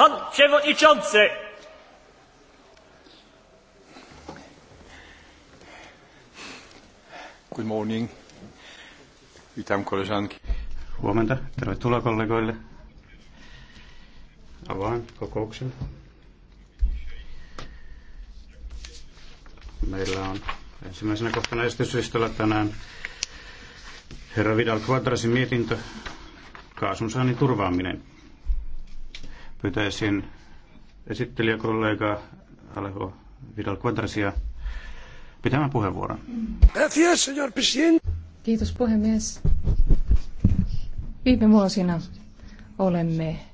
Pan przewodniczący! Good morning. Witam koleżanki. Huomenta. Tervetuloa kollegoille. Avaan kokouksen. Meillä on ensimmäisenä kohtana esityslistalla tänään herra Vidal Quadrasin mietintö saannin turvaaminen. Pyytäisin esittelijäkollega Alejo Vidal Quadrasia pitämään puheenvuoron. Kiitos puhemies. Viime vuosina olemme